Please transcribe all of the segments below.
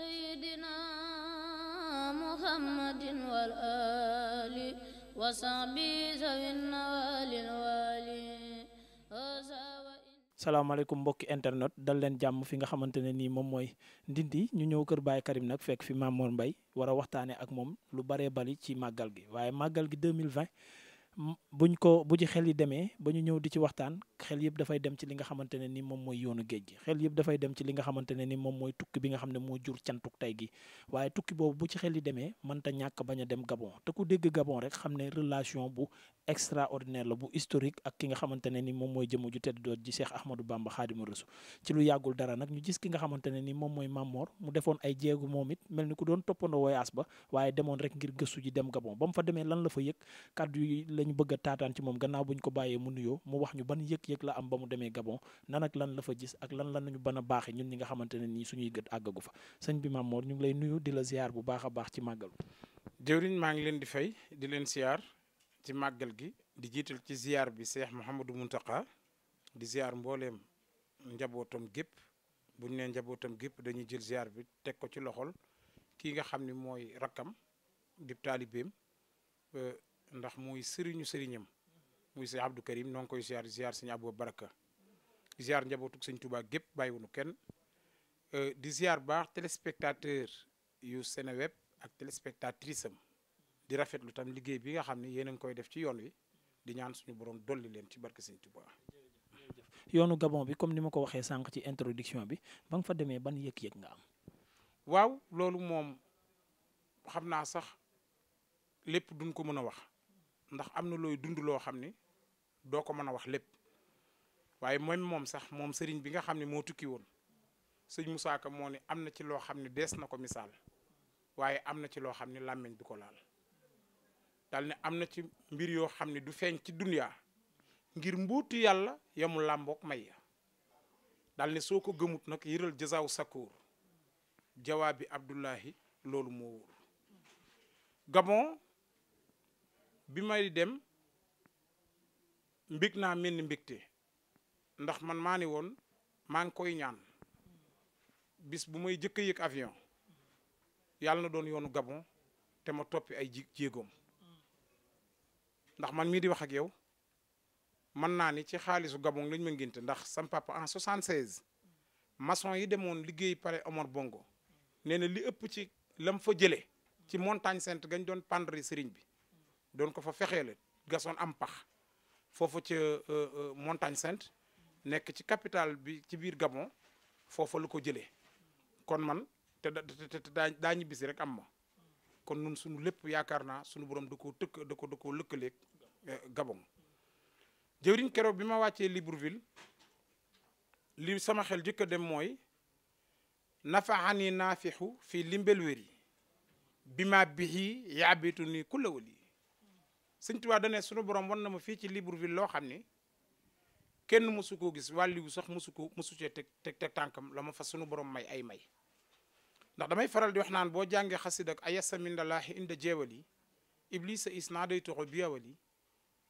سيدنا محمد والآل وصحبه mbokki internet dal leen jàmm fi nga xamante ne nii moom mooy ndindi ñu ñëw kër Baye Karim nag fekk fi Mame mbay wara war waxtaanee ak moom lu baree bari ci màggal gi waaye màggal gi 2020 bu ñu ko bu ci xel yi demee ba ñu ñëw di ci waxtaan xel yëpp dafay dem ci li nga xamante ne ni moom mooy yoonu géej gi xel yëpp dafay dem ci li nga xamante ne ni moom mooy tukki bi nga xam ne moo jur cantuk tey gi waaye tukki boobu bu ci xel yi demee mënta ñàkk bañ dem Gabon te ku dégg Gabon rek xam ne relation bu extraordinaire la bu historique ak ki nga xamante ne ni moom mooy jëmm ju tedd doot ji Cheikh Ahmadou Bamba Xaadimu Rasul ci lu yàggul dara nag ñu gis ki nga xamante ne ni moom mooy Mamor mu defoon ay jéegu moom it mel ni ku doon toppandoo voyage ba waaye demoon rek ngir gëstu ji dem Gabon ba mu fa demee lan la fa yëg kàddu yi lañ bëgg a taataan ci moom gannaaw ñu ko bàyyee mu nuyoo mu wax ñu ban yëg-yëg la am ba mu demee Gabon nan ak lan la fa gis ak lan la nañu ban a baaxee ñun ñi nga xamante ne nii suñuy gët àggagu fa sëñ bi Mamor ñu ngi lay nuyu di la ziar bu baax a baax ci màggal maa ngi leen di fay di leen siyaar ci màggal gi di jiital ci ziar bi seex Mouhamadou Mountakha di ziar mbooleem njabootam gépp buñ ñu nee njabootam gépp dañuy jël ziar bi teg ko ci loxol kii nga xam ni mooy rakkam di taalibeem euh, ndax muy sëriñu sëriñam muy sëñ Abdou Karim noo ngi koy ziar ziar sëñ Abou Baraka ziar njabootu sëñ Touba gépp bàyyiwunu kenn euh, di ziar baax téléspectateur yu Seneweb ak téléspectatrice am di rafetlu tam liggéey bi nga xam ne yéen a ngi koy def ci yoon wi di ñaan suñu borom dolli leen ci barke Sëñ Tuubaa yoonu Gabon bi comme ni ma ko waxee sànq ci introduction bi ba nga fa demee ban yëg-yëg nga am. waaw loolu moom xam naa sax lépp duñ ko mën a wax ndax am na looy dund loo xam ni doo ko mën a wax lépp waaye même moom sax moom sëriñ bi nga xam ne moo tukki woon sëñ Moussa Ka moo ne am na ci loo xam ne dees na ko misaal waaye am na ci loo xam ne làmmiñ du ko laal. dal ne am na ci mbir yoo xam ne du feeñ ci duniyaa ngir mbuuti yàlla yamul làmbook may ya dal ne soo ko gëmut nag yëral jasaw sakoor jawaab bi abdullahi loolu moo wóor gabon bi may dem mbég naa mel ni ndax man maa ni woon maa ngi koy ñaan bis bu may jëkk a yëg avion yàlla na doon yoonu gabon te ma toppi ay ji jéegoom ndax man mii di wax ak yow mën naa ni ci xaalisu gabon lañ ma ngénte ndax sam papa en 76 maçon yi demoon liggéey pare Omar Bongo nee na li ëpp ci lam fa jëlee ci montagne sainte gañ doon pendri sëriñ bi doon ko fa fexee la gasoon am pax foofu ca euh, euh, montagne sainte nekk ci capital bi ci biir gabon foofa lu ko jëlee kon man te daa daa ñibbisi rek am ma kon nun suñu lépp yaakaar naa suñu borom da koo tëkk da ko da koo lëkkaleeg Euh, Gabon jëwriñ këroo bi ma wàccee Libreville li sama xel jëkk dem mooy nafaxani naafixu fii limbel wéri bi ma bixi yaabitu ni ku la wali sëñ Tuubaa dane sunu borom wan na ma fii ci Libreville loo xam ni kenn mosu koo gis wàlliwu sax mosu ko mosu cee teg teg teg tànkam la ma fa sunu borom may ay may ndax damay faral di wax naan boo jàngee xasid ak ayasa mindalaahi inda jeewali iblisa is naa day toxo biyawali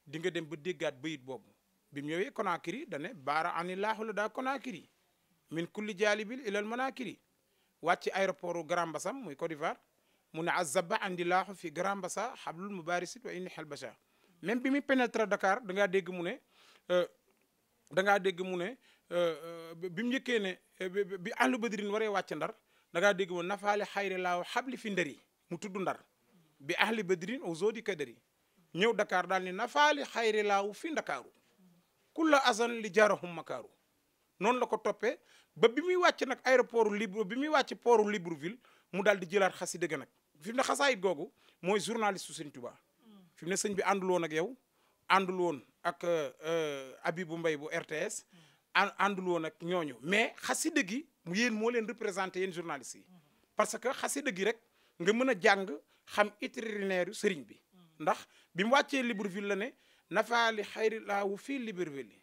di nga dem ba déggaat bayit boobu bi mu ñëwee Conakry da ne baara ani laahu la daa Conakry min kulli jaalibil ilal manakiri wàcc aéroport Grand Bassam muy Côte d'Ivoire mu ne azaba andi laahu fi Grand Bassa xablul mubarisit wa inni xelbacha même bi muy pénétré Dakar da ngaa dégg mu ne euh, da ngaa dégg mu ne euh, bi mu yëkkee ne euh, bi ahlu badrin waree wàcc ndar da ngaa dégg mu nafaale xayre laaw xabli fi ndari mu tudd ndar bi ahli badrin au zodi kadari ñëw Dakar daal ni nafaali xayri laaw fi ndakaaru la azan li jaarahum makaaru noonu la ko toppee ba bi muy wàcc nag aéroport libre bi muy poor port ville mu daal di jëlaat xasida ga nag fi mu ne xasaayit googu mooy journaliste su Sëñ Tuubaa fi ne sëñ bi àndul woon ak yow àndul woon ak euh, euh, Abibou Mbaye bu RTS àndul woon ak ñooñu mais xasida gi yéen moo leen représenté yéen journaliste yi parce que xasida gi rek nga mën a jàng xam itinéraire yu sëriñ bi ndax bi mu wàccee Libreville la ne nafaali xayrilaawu fii Libreville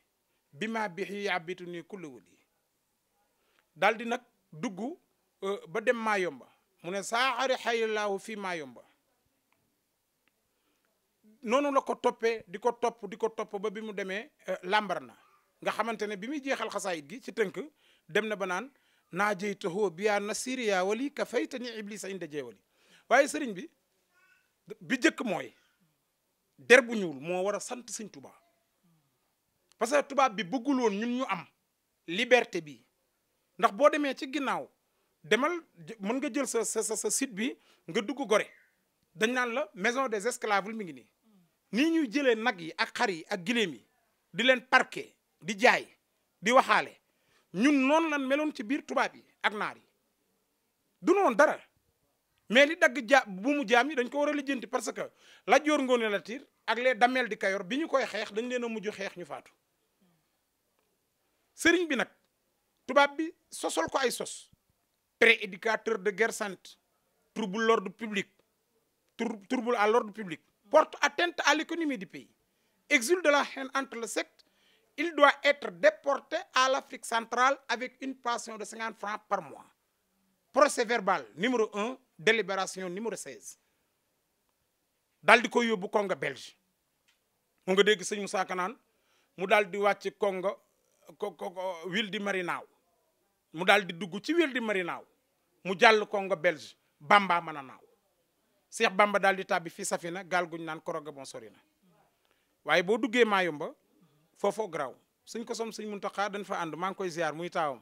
bi maa bixi yàbbitu nii kulliwul yi daal di nag dugg euh, ba dem Maayomba mu ne saaxari xayrilaawu fii Maayomba noonu la ko toppee di ko topp di ko topp ba bi mu demee euh, làmbar nga xamante ne bi muy jeexal xasaayit gi ci tënk dem na ba naan naa jëy taxoo biyaa na siriya wali ka faytani iblisa inda jeewali waaye sëriñ bi bi jëkk mooy der bu ñuul moo war a sant sëñ Touba parce que tubaab bi bëggul woon ñun ñu am liberté bi ndax boo demee ci ginnaaw demal mën nga jël sa sa sa site bi nga dugg Gorée dañ naan la maison des esclaves mi ngi nii nii ñuy jëlee nag yi ak xar yi ak gileem yi di leen parke di jaay di waxaale ñun noonu la meloon ci biir tubaab yi ak naar yi du noonu dara mais li dagg ja bu mu jaam ñi dañ ko war a lijjanti parce que Lat Joor Ngoone Latiir ak les dameel di Kajoor bi ñu koy xeex dañ leen a mujj xeex ñu faatu sëriñ bi nag tubaab bi sosol ko ay sos prééducateur de guerre sainte trouble l'ordre public trouble à l'ordre public porte atteinte à l'économie du pays exil de la haine entre le sectes il doit être déporté à l'Afrique centrale avec une pension de 50 francs par mois procès verbal numéro 1 délibération numéro 16 daal di koy yóbbu Congo belge mu dégg sëñ Moussa mu daal di wàcc Congo ko ville di Marinao mu daal di dugg ci ville di Marinao mu jàll Congo belge Bamba mën a naaw Seex Bamba daal di tàbbi fii Safina gaal guñ naan Koroga bon sori na waaye boo duggee Mayumba foofoo graw suñ ko som suñ Muntaxa dañ fa ànd maa ngi koy ziar muy taawam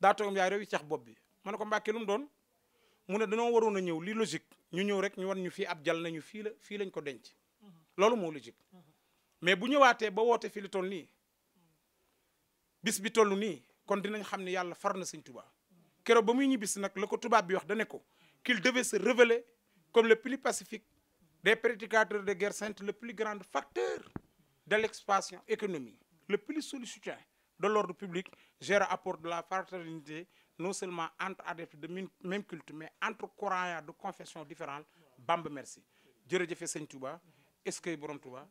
daa toogam yaay réew yi cax bopp bi ma ne ko doon mu ne dañoo waroon a ñëw li logique ñu ñëw rek ñu wan ñu fii ab jal nañu fii la fii lañ ko denc loolu moo logique mais bu ñëwaatee ba wootee fi li toll nii bis bi toll nii kon dinañ xam ne yàlla far na sëñ Tuubaa keroog ba muy si nag la ko tubaab bi wax da ne ko qu'il devait se révéler comme le plus pacifique des prédicateurs de guerre sainte le plus grande facteur de l'expansion économique le plus sollicité de l'ordre public gère apport de la fraternité non seulement entre adeptes de même culte mais entre croyants de confessions différentes Bamba merci jërëjëfe sëñ Touba est-ce que borom Touba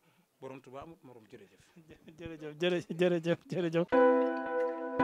borom Touba amut morom jërëjëf jërëjëf jërëjëf jërëjëf